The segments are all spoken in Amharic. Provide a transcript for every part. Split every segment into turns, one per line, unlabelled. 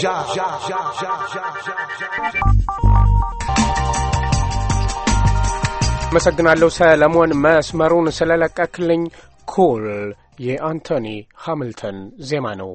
já, já, já, já, já, já, já.
አመሰግናለሁ ሰለሞን መስመሩን ስለለቀክልኝ። ኩል የአንቶኒ ሃምልተን ዜማ ነው።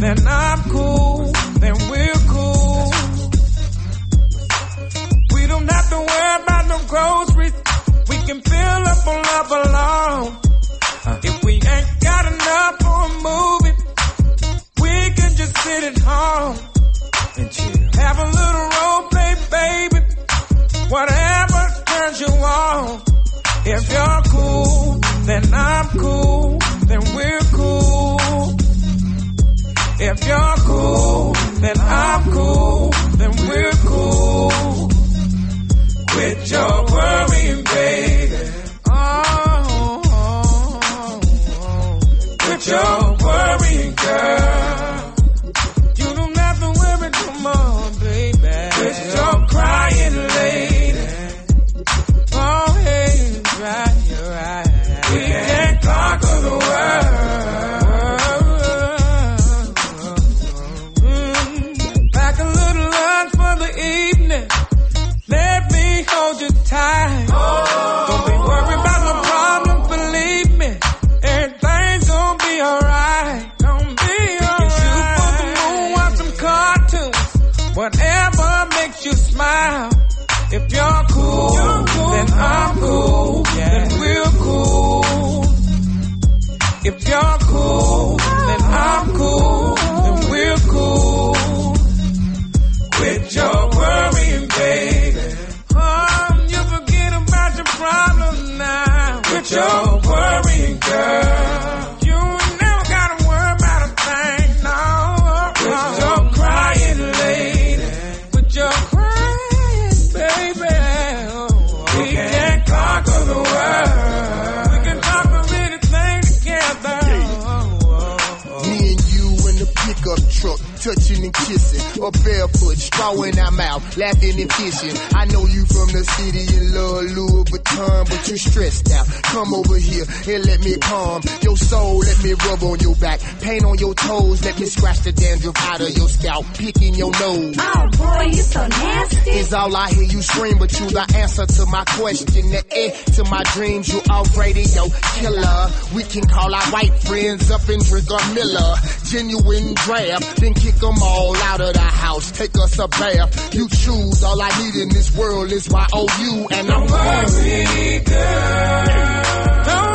then I
beneficent. I know you're stressed out. Come over here and let me calm your soul. Let me rub on your back, paint on your toes. Let me scratch the dandruff out of your scalp, picking your nose. Oh boy, you so nasty. Is all I hear you scream, but you the answer to my question. The eh to my dreams. You all radio killer. We can call our white friends up and drink a Miller, genuine draft. Then kick 'em all out of the house. Take us a bath. You choose. All I need in this world is my OU, and I'm worried. Yeah.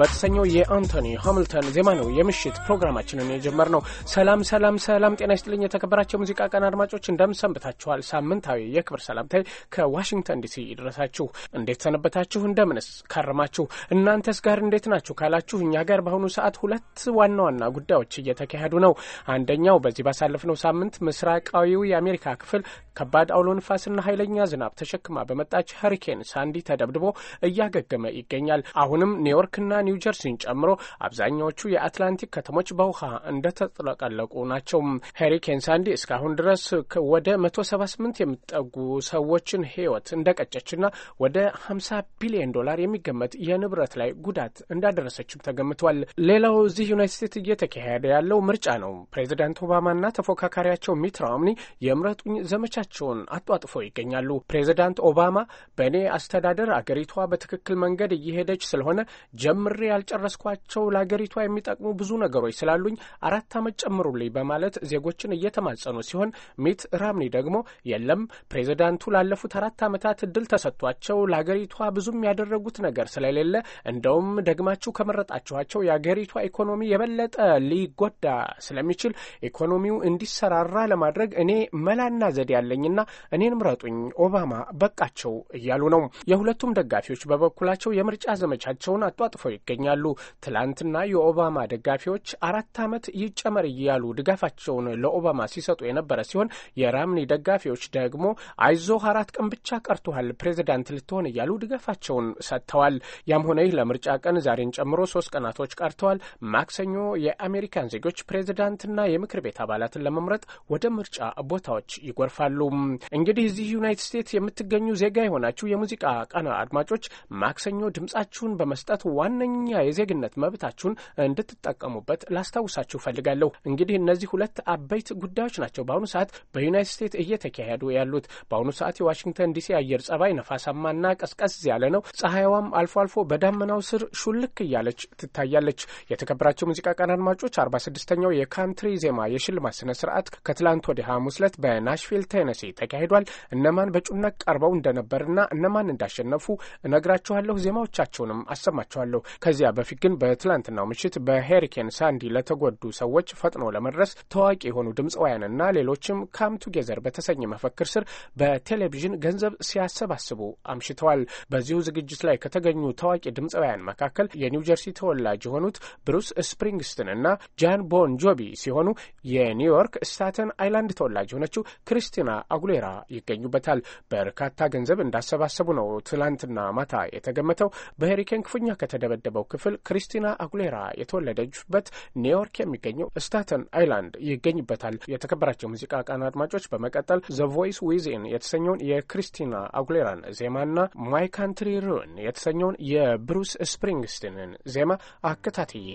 በተሰኘው የአንቶኒ ሃምልተን ዜማ ነው የምሽት ፕሮግራማችንን ነው ሰላም ሰላም ሰላም፣ ጤና ይስጥልኝ የተከበራቸው የሙዚቃ ቀን አድማጮች እንደምሰንብታችኋል። ሳምንታዊ የክብር ሰላምታይ ከዋሽንግተን ዲሲ ይድረሳችሁ። እንዴት ሰነበታችሁ? እንደምንስ ካረማችሁ? እናንተስ ጋር እንዴት ናችሁ ካላችሁ እኛ ጋር በአሁኑ ሰዓት ሁለት ዋና ዋና ጉዳዮች እየተካሄዱ ነው። አንደኛው በዚህ ባሳለፍነው ሳምንት ምስራቃዊው የአሜሪካ ክፍል ከባድ አውሎ ንፋስና ኃይለኛ ዝናብ ተሸክማ በመጣች ሀሪኬን ሳንዲ ተደብድቦ እያገገመ ይገኛል። አሁንም ኒውዮርክና ኒውጀርሲን ጨምሮ አብዛኛዎቹ የአትላንቲክ ከተሞች በውሃ እንደተጥለቀለቁ ናቸው። ሄሪኬን ሳንዲ እስካሁን ድረስ ወደ መቶ ሰባ ስምንት የሚጠጉ ሰዎችን ህይወት እንደቀጨችና ወደ ሀምሳ ቢሊዮን ዶላር የሚገመት የንብረት ላይ ጉዳት እንዳደረሰችም ተገምቷል። ሌላው እዚህ ዩናይት ስቴትስ እየተካሄደ ያለው ምርጫ ነው። ፕሬዚዳንት ኦባማና ተፎካካሪያቸው ሚት ሮምኒ የምረጡኝ ዘመቻ እጆቻቸውን አጧጥፈው ይገኛሉ። ፕሬዚዳንት ኦባማ በእኔ አስተዳደር አገሪቷ በትክክል መንገድ እየሄደች ስለሆነ ጀምሬ ያልጨረስኳቸው ለአገሪቷ የሚጠቅሙ ብዙ ነገሮች ስላሉኝ አራት ዓመት ጨምሩልኝ በማለት ዜጎችን እየተማጸኑ ሲሆን ሚት ራምኒ ደግሞ የለም ፕሬዚዳንቱ ላለፉት አራት ዓመታት እድል ተሰጥቷቸው ለአገሪቷ ብዙም ያደረጉት ነገር ስለሌለ እንደውም ደግማችሁ ከመረጣችኋቸው የአገሪቷ ኢኮኖሚ የበለጠ ሊጎዳ ስለሚችል ኢኮኖሚው እንዲሰራራ ለማድረግ እኔ መላና ዘዴ ያለ አለኝና እኔን ምረጡኝ ኦባማ በቃቸው እያሉ ነው። የሁለቱም ደጋፊዎች በበኩላቸው የምርጫ ዘመቻቸውን አጧጥፈው ይገኛሉ። ትላንትና የኦባማ ደጋፊዎች አራት ዓመት ይጨመር እያሉ ድጋፋቸውን ለኦባማ ሲሰጡ የነበረ ሲሆን የራምኒ ደጋፊዎች ደግሞ አይዞህ አራት ቀን ብቻ ቀርቶሃል ፕሬዚዳንት ልትሆን እያሉ ድጋፋቸውን ሰጥተዋል። ያም ሆነ ይህ ለምርጫ ቀን ዛሬን ጨምሮ ሶስት ቀናቶች ቀርተዋል። ማክሰኞ የአሜሪካን ዜጎች ፕሬዚዳንትና የምክር ቤት አባላትን ለመምረጥ ወደ ምርጫ ቦታዎች ይጎርፋሉ። አይደሉም። እንግዲህ እዚህ ዩናይትድ ስቴትስ የምትገኙ ዜጋ የሆናችሁ የሙዚቃ ቀና አድማጮች ማክሰኞ ድምጻችሁን በመስጠት ዋነኛ የዜግነት መብታችሁን እንድትጠቀሙበት ላስታውሳችሁ ፈልጋለሁ። እንግዲህ እነዚህ ሁለት አበይት ጉዳዮች ናቸው በአሁኑ ሰዓት በዩናይትድ ስቴትስ እየተካሄዱ ያሉት። በአሁኑ ሰዓት የዋሽንግተን ዲሲ አየር ጸባይ ነፋሳማና ቀዝቀዝ ያለ ነው። ፀሐይዋም አልፎ አልፎ በዳመናው ስር ሹልክ እያለች ትታያለች። የተከበራቸው ሙዚቃ ቃና አድማጮች አርባ ስድስተኛው የካንትሪ ዜማ የሽልማት ስነ ስርዓት ከትላንት ወዲያ ሐሙስ ዕለት በናሽቪል ቴነ ሴ ተካሂዷል። እነማን በእጩነት ቀርበው እንደነበርና እነማን እንዳሸነፉ እነግራችኋለሁ። ዜማዎቻቸውንም አሰማችኋለሁ። ከዚያ በፊት ግን በትላንትናው ምሽት በሄሪኬን ሳንዲ ለተጎዱ ሰዎች ፈጥኖ ለመድረስ ታዋቂ የሆኑ ድምፃውያንና ሌሎችም ካም ቱጌዘር በተሰኘ መፈክር ስር በቴሌቪዥን ገንዘብ ሲያሰባስቡ አምሽተዋል። በዚሁ ዝግጅት ላይ ከተገኙ ታዋቂ ድምፃውያን መካከል የኒው ጀርሲ ተወላጅ የሆኑት ብሩስ ስፕሪንግስትን እና ጃን ቦን ጆቢ ሲሆኑ የኒውዮርክ ስታተን አይላንድ ተወላጅ የሆነችው ክርስቲና አጉሌራ ይገኙበታል። በርካታ ገንዘብ እንዳሰባሰቡ ነው ትላንትና ማታ የተገመተው። በሄሪኬን ክፉኛ ከተደበደበው ክፍል ክሪስቲና አጉሌራ የተወለደችበት ኒውዮርክ የሚገኘው ስታተን አይላንድ ይገኝበታል። የተከበራቸው የሙዚቃ ቃና አድማጮች፣ በመቀጠል ዘ ቮይስ ዊዝን የተሰኘውን የክሪስቲና አጉሌራን ዜማና ማይ ካንትሪ ሩን የተሰኘውን የብሩስ ስፕሪንግስትንን ዜማ አከታትዬ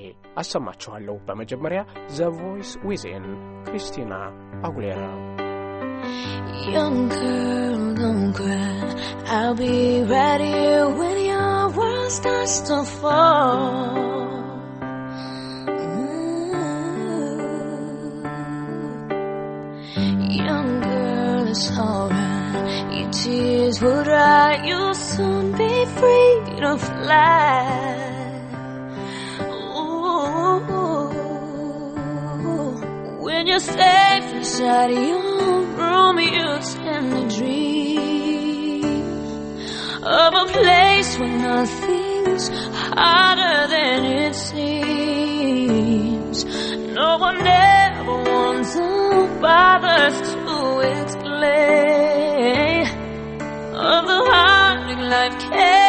አሰማችኋለሁ። በመጀመሪያ ዘ ቮይስ ዊዝን ክሪስቲና አጉሌራ Young
girl, don't cry. I'll be ready when your world starts to fall. Mm. Young girl, it's alright. Your tears will dry. You'll soon be free to fly. When you're safe inside your room, you tend to dream of a place where nothing's harder than it seems. No one ever wants to bothers to explain
of the hard
life can.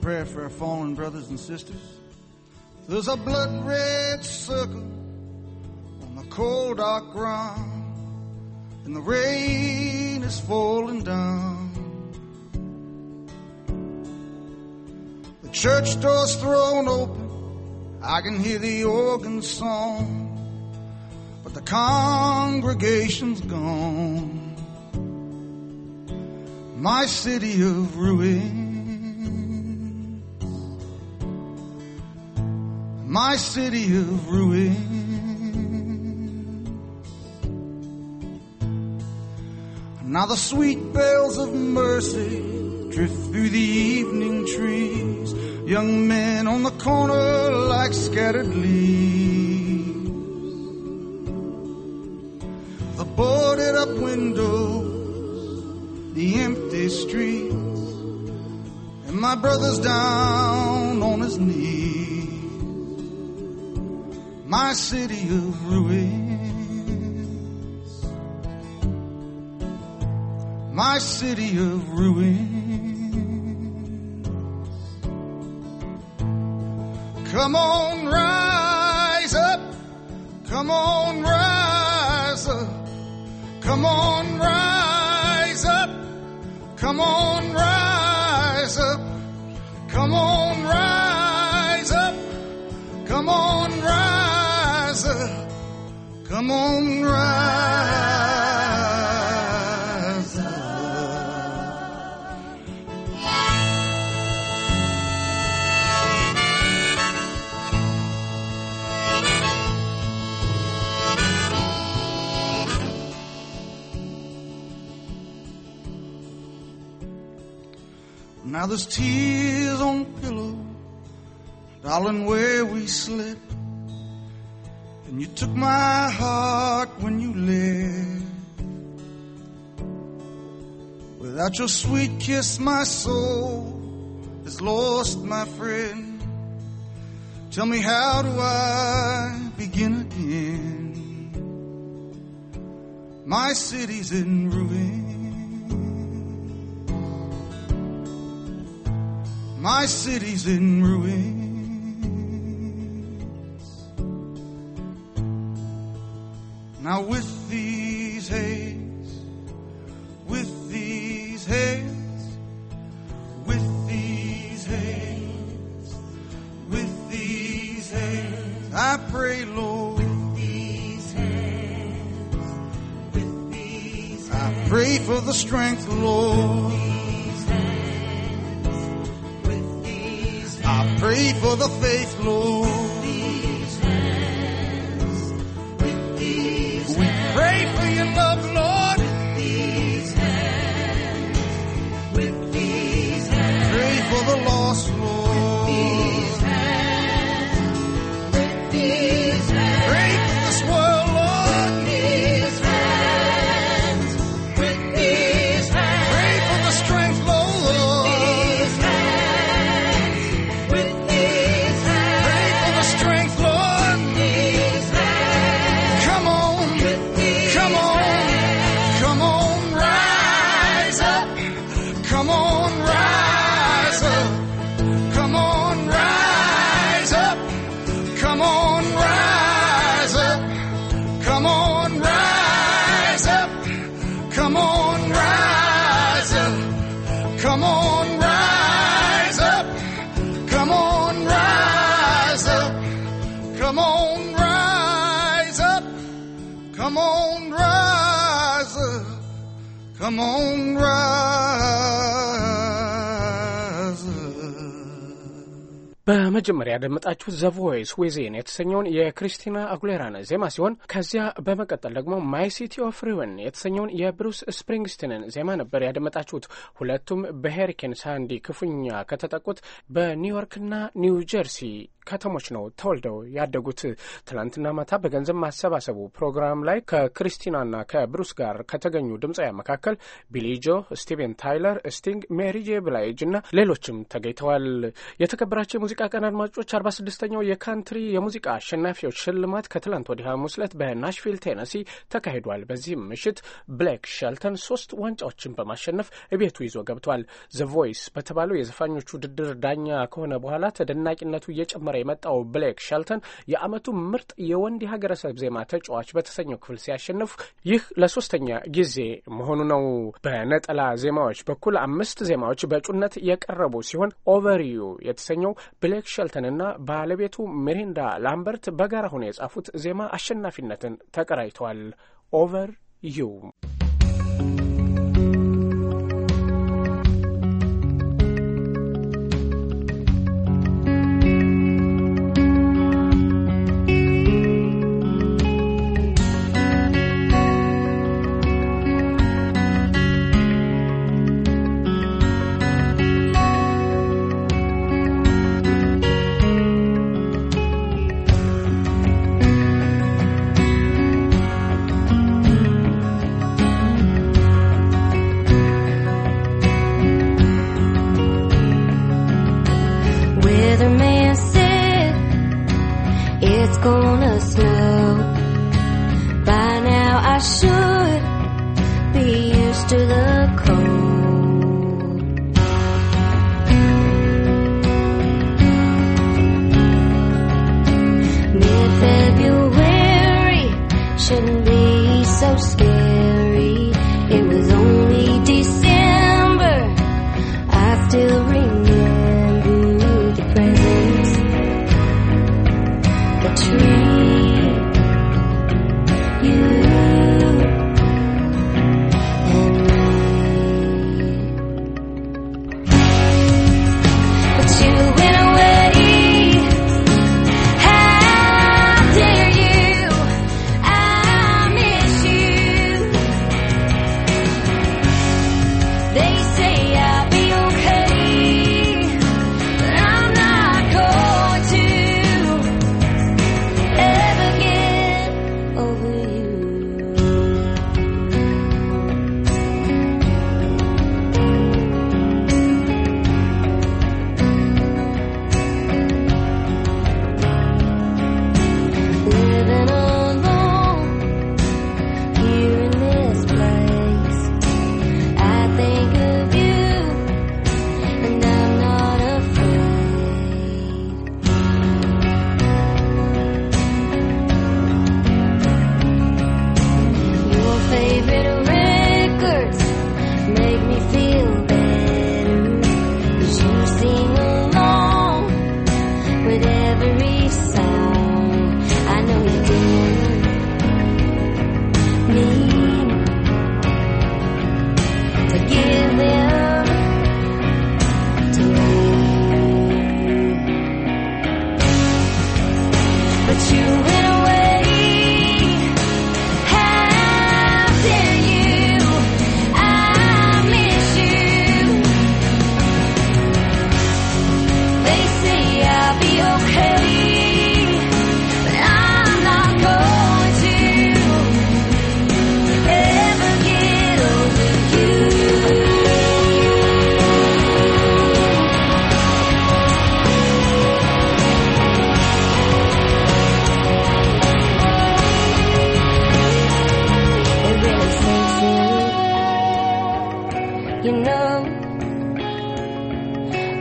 prayer for our fallen brothers and sisters. There's a blood red circle on the cold dark ground, and the rain is falling down. The church door's thrown open, I can hear the organ song, but the congregation's gone. My city of ruin. my city of ruin. Now the sweet bells of mercy drift through the evening trees, young men on the corner like scattered leaves. The boarded up windows, the empty streets, and my brother's down on his knees my city of ruins, my city of ruins.
Come on, rise up, come on, rise up, come on, rise up, come on, rise up, come on, rise up, come on, rise. Up. Come on, rise come on, rise up.
Now there's tears on pillow, darling, where we slept you took my heart when you left. Without your sweet kiss, my soul is lost, my friend. Tell me, how do I begin again? My city's in ruin. My city's in ruin. Now with these hands, with these hands, with these hands, with these hands, I pray, Lord. With these hands, with these hands, I pray for the strength, Lord. With these hands, with I pray for the
faith, Lord. are you love.
Come on, ride.
በመጀመሪያ ያደመጣችሁት ዘ ቮይስ ዊዜን የተሰኘውን የክሪስቲና አጉሌራን ዜማ ሲሆን ከዚያ በመቀጠል ደግሞ ማይ ሲቲ ኦፍ ሪውን የተሰኘውን የብሩስ ስፕሪንግስትንን ዜማ ነበር ያደመጣችሁት። ሁለቱም በሄሪኬን ሳንዲ ክፉኛ ከተጠቁት በኒውዮርክና ኒው ጀርሲ ከተሞች ነው ተወልደው ያደጉት። ትናንትና ማታ በገንዘብ ማሰባሰቡ ፕሮግራም ላይ ከክሪስቲናና ከብሩስ ጋር ከተገኙ ድምፃውያን መካከል ቢሊጆ ስቲቨን ታይለር፣ ስቲንግ፣ ሜሪ ጄ ብላይጅ እና ሌሎችም ተገኝተዋል። የተከበራቸው የሙዚቃ የሙዚቃ ቀን አድማጮች፣ አርባ ስድስተኛው የካንትሪ የሙዚቃ አሸናፊዎች ሽልማት ከትላንት ወዲህ ሐሙስ ዕለት በናሽቪል ቴነሲ ተካሂዷል። በዚህም ምሽት ብሌክ ሸልተን ሶስት ዋንጫዎችን በማሸነፍ እቤቱ ይዞ ገብቷል። ዘ ቮይስ በተባለው የዘፋኞቹ ውድድር ዳኛ ከሆነ በኋላ ተደናቂነቱ እየጨመረ የመጣው ብሌክ ሸልተን የዓመቱ ምርጥ የወንድ የሀገረሰብ ዜማ ተጫዋች በተሰኘው ክፍል ሲያሸንፍ ይህ ለሶስተኛ ጊዜ መሆኑ ነው። በነጠላ ዜማዎች በኩል አምስት ዜማዎች በእጩነት የቀረቡ ሲሆን ኦቨርዩ የተሰኘው ብሌክ ሸልተንና ባለቤቱ ሜሪንዳ ላምበርት በጋራ ሆነው የጻፉት ዜማ አሸናፊነትን ተቀራጅተዋል። ኦቨር ዩ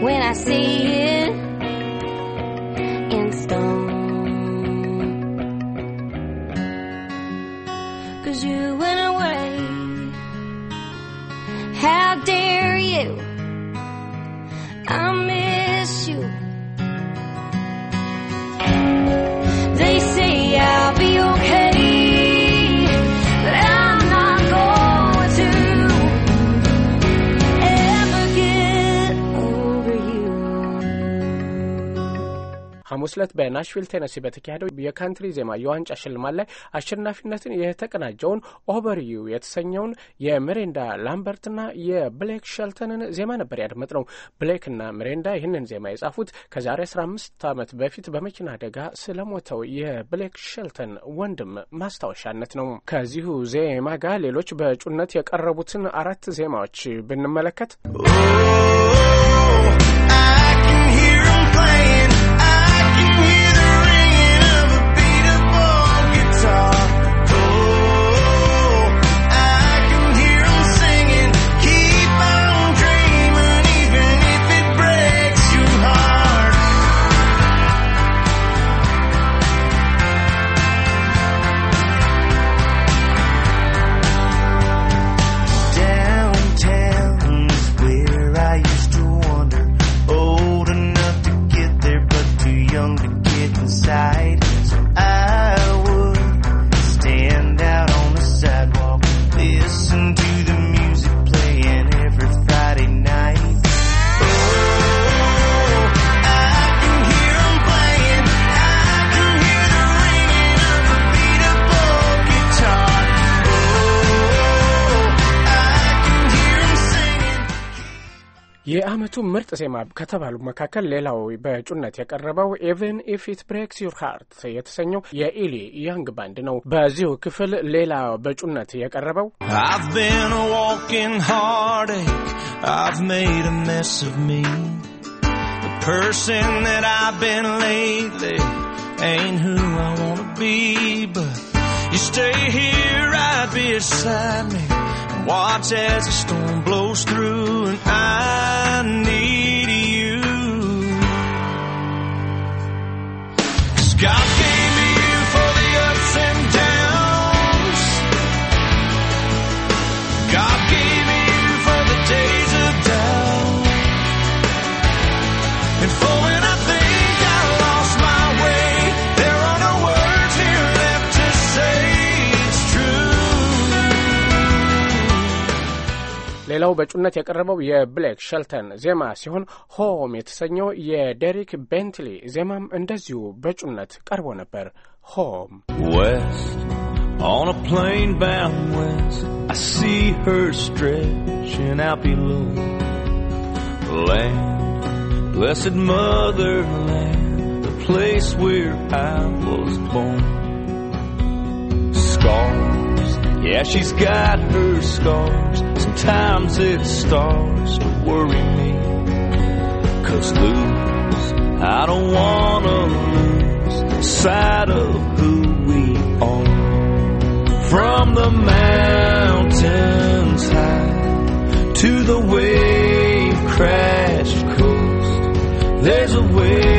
when I see
ዕለት በናሽቪል ቴነሲ በተካሄደው የካንትሪ ዜማ የዋንጫ ሽልማት ላይ አሸናፊነትን የተቀናጀውን ዩ የተሰኘውን የምሬንዳ ላምበርትና የብሌክ ሸልተንን ዜማ ነበር ያድመጥ ነው። ብሌክና ምሬንዳ ይህንን ዜማ የጻፉት ከዛሬ አስራ አምስት ዓመት በፊት በመኪና አደጋ ስለሞተው የብሌክ ሸልተን ወንድም ማስታወሻነት ነው። ከዚሁ ዜማ ጋር ሌሎች በእጩነት የቀረቡትን አራት ዜማዎች ብንመለከት የአመቱ ምርጥ ዜማ ከተባሉ መካከል ሌላው በእጩነት የቀረበው ኤቨን ኢፍ ኢት ብሬክስ ዩር ሃርት የተሰኘው የኢሊ ያንግ ባንድ ነው። በዚሁ ክፍል ሌላ በእጩነት የቀረበው
Stay here right beside me Watch as the storm blows through and I need
ሌላው በእጩነት የቀረበው የብሌክ ሸልተን ዜማ ሲሆን ሆም የተሰኘው የዴሪክ ቤንትሊ ዜማም እንደዚሁ በእጩነት ቀርቦ ነበር። ሆም
On a plane bound west, I see
her stretching out below.
Land, blessed motherland, the place where I was born. Scarred yeah, she's got her scars. Sometimes it starts to worry me. Cause lose, I don't wanna lose sight of who we are. From the mountains high to the wave crashed coast, there's a way.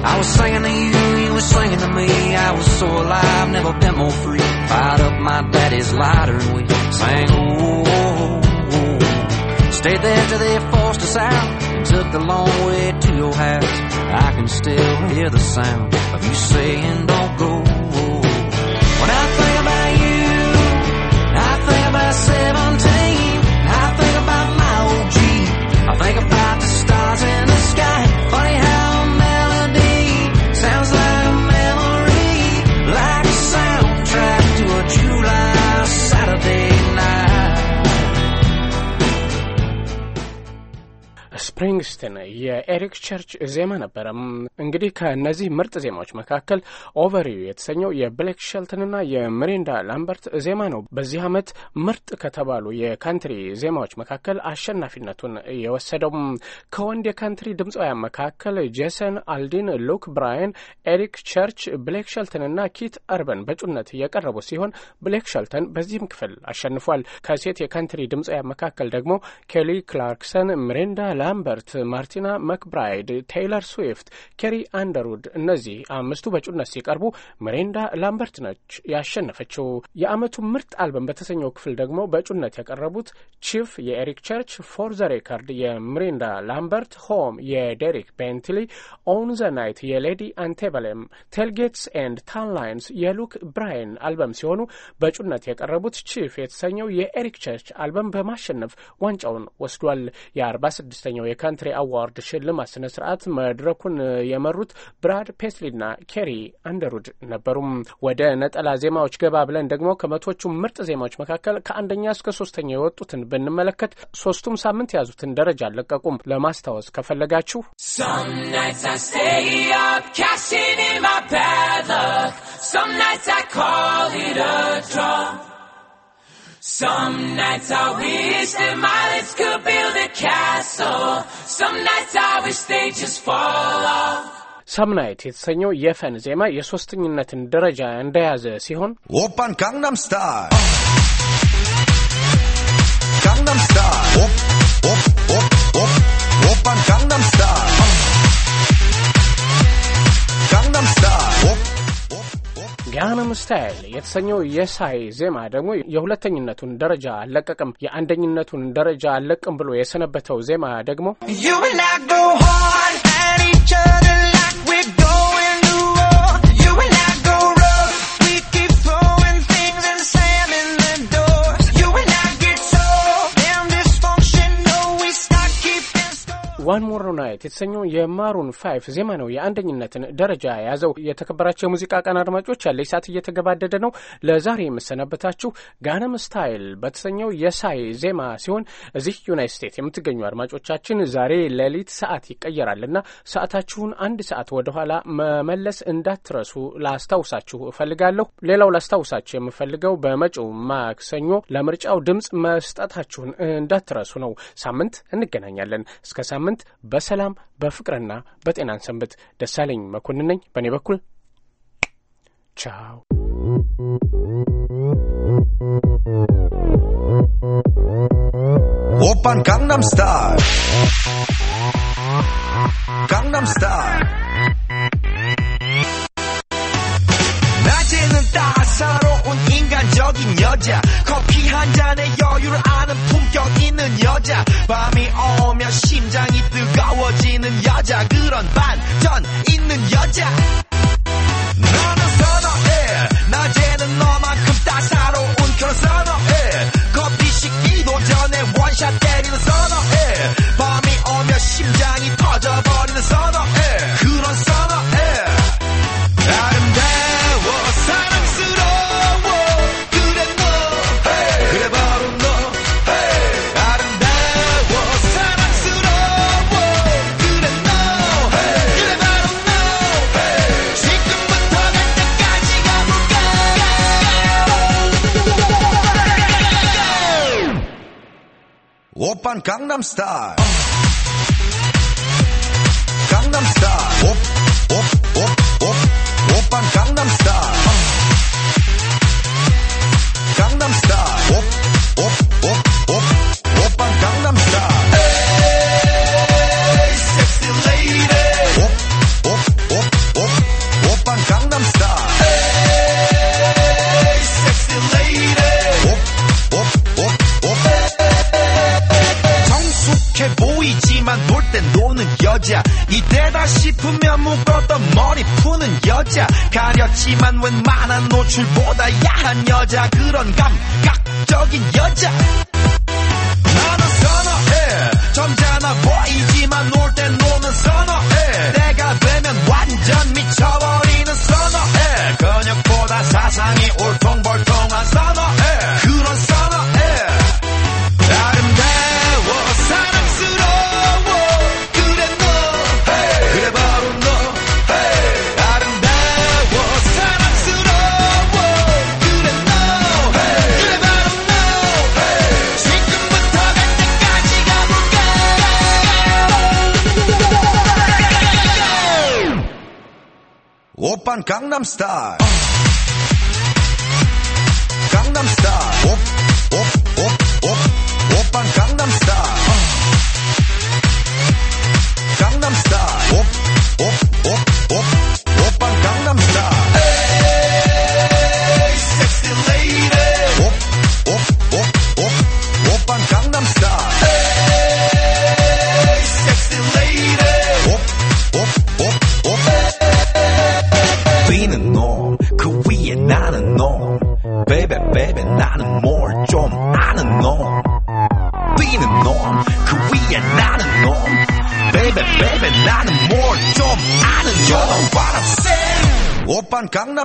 I was singing to you, you were singing to me. I was so alive, never been more free. Fired up my daddy's lighter and we sang, oh, oh, oh. Stayed there till they forced us out and took the long way to your house. I can still hear the sound of you saying, don't
ስድስትን የኤሪክ ቸርች ዜማ ነበረም። እንግዲህ ከእነዚህ ምርጥ ዜማዎች መካከል ኦቨሪው የተሰኘው የብሌክ ሸልተንና የምሪንዳ ላምበርት ዜማ ነው። በዚህ ዓመት ምርጥ ከተባሉ የካንትሪ ዜማዎች መካከል አሸናፊነቱን የወሰደው ከወንድ የካንትሪ ድምፃውያን መካከል ጄሰን አልዲን፣ ሉክ ብራየን፣ ኤሪክ ቸርች፣ ብሌክ ሸልተንና ኪት አርበን በእጩነት የቀረቡ ሲሆን ብሌክ ሸልተን በዚህም ክፍል አሸንፏል። ከሴት የካንትሪ ድምፃውያን መካከል ደግሞ ኬሊ ክላርክሰን፣ ሚሪንዳ ላምበርት፣ ማርቲና መክብራይድ፣ ቴይለር ስዊፍት፣ ኬሪ አንደርውድ እነዚህ አምስቱ በእጩነት ሲቀርቡ ሚሪንዳ ላምበርት ነች ያሸነፈችው። የዓመቱ ምርጥ አልበም በተሰኘው ክፍል ደግሞ በእጩነት የቀረቡት ቺፍ የኤሪክ ቸርች፣ ፎር ዘ ሬከርድ የሚሪንዳ ላምበርት፣ ሆም የዴሪክ ቤንትሊ፣ ኦን ዘ ናይት የሌዲ አንቴበለም፣ ቴልጌትስ ኤንድ ታንላይንስ የሉክ ብራይን አልበም ሲሆኑ በእጩነት የቀረቡት ቺፍ የተሰኘው የኤሪክ ቸርች አልበም በማሸነፍ ዋንጫውን ወስዷል የአርባ የ46ኛው የካንትሪ አዋርድ ሽልማት ስነ ስርዓት መድረኩን የመሩት ብራድ ፔስሊና ኬሪ አንደሩድ ነበሩም። ወደ ነጠላ ዜማዎች ገባ ብለን ደግሞ ከመቶቹ ምርጥ ዜማዎች መካከል ከአንደኛ እስከ ሶስተኛ የወጡትን ብንመለከት ሶስቱም ሳምንት የያዙትን ደረጃ አለቀቁም። ለማስታወስ ከፈለጋችሁ
Some nights I call it a draw.
Some nights I wish that my lips could build a castle. Some nights I wish they just fall off.
ሰምናይት የተሰኘው የፈን ዜማ የሶስተኝነትን ደረጃ እንደያዘ ሲሆን ኦፓን ካንግናም ስታር ካንግናም ስታር
ኦፓን ካንግናም ስታር
ሴም ስታይል የተሰኘው የሳይ ዜማ ደግሞ የሁለተኝነቱን ደረጃ አልለቀቅም፣ የአንደኝነቱን ደረጃ አልለቅም ብሎ የሰነበተው ዜማ ደግሞ ዋን ሞር ናይት የተሰኘው የማሩን ፋይፍ ዜማ ነው የአንደኝነትን ደረጃ የያዘው። የተከበራቸው የሙዚቃ ቀን አድማጮች ያለኝ ሰዓት እየተገባደደ ነው። ለዛሬ የምሰናበታችሁ ጋነም ስታይል በተሰኘው የሳይ ዜማ ሲሆን እዚህ ዩናይት ስቴትስ የምትገኙ አድማጮቻችን ዛሬ ሌሊት ሰዓት ይቀየራልና ሰዓታችሁን አንድ ሰዓት ወደኋላ መመለስ እንዳትረሱ ላስታውሳችሁ እፈልጋለሁ። ሌላው ላስታውሳችሁ የምፈልገው በመጪው ማክሰኞ ለምርጫው ድምፅ መስጠታችሁን እንዳትረሱ ነው። ሳምንት እንገናኛለን። እስከ ሳምንት ሳምንት በሰላም በፍቅርና በጤናን ሰንብት። ደሳለኝ መኮንን ነኝ። በእኔ በኩል ቻው።
오빤 강남스타일
강남스타일 가벼 인간적인 여자 커피 한 잔에 여유를 아는 품격 있는 여자 밤이 오면 심장이 뜨거워지는 여자 그런 반전 있는 여자 나는 선어해 낮에는 너만큼 따사로운 그런 선어해 커피 식기도 전에 원샷 때리는 선어해 밤이 오면 심장이 터져버리는 선어해
Gangnam Style.
뻗던 머리 푸는 여자 가렸지만 웬만한 노출보다 야한 여자 그런 감각적인 여자 나는 선어해 점잖아 보이지만 놀땐 노는 선어해
강남스타일 강남스타일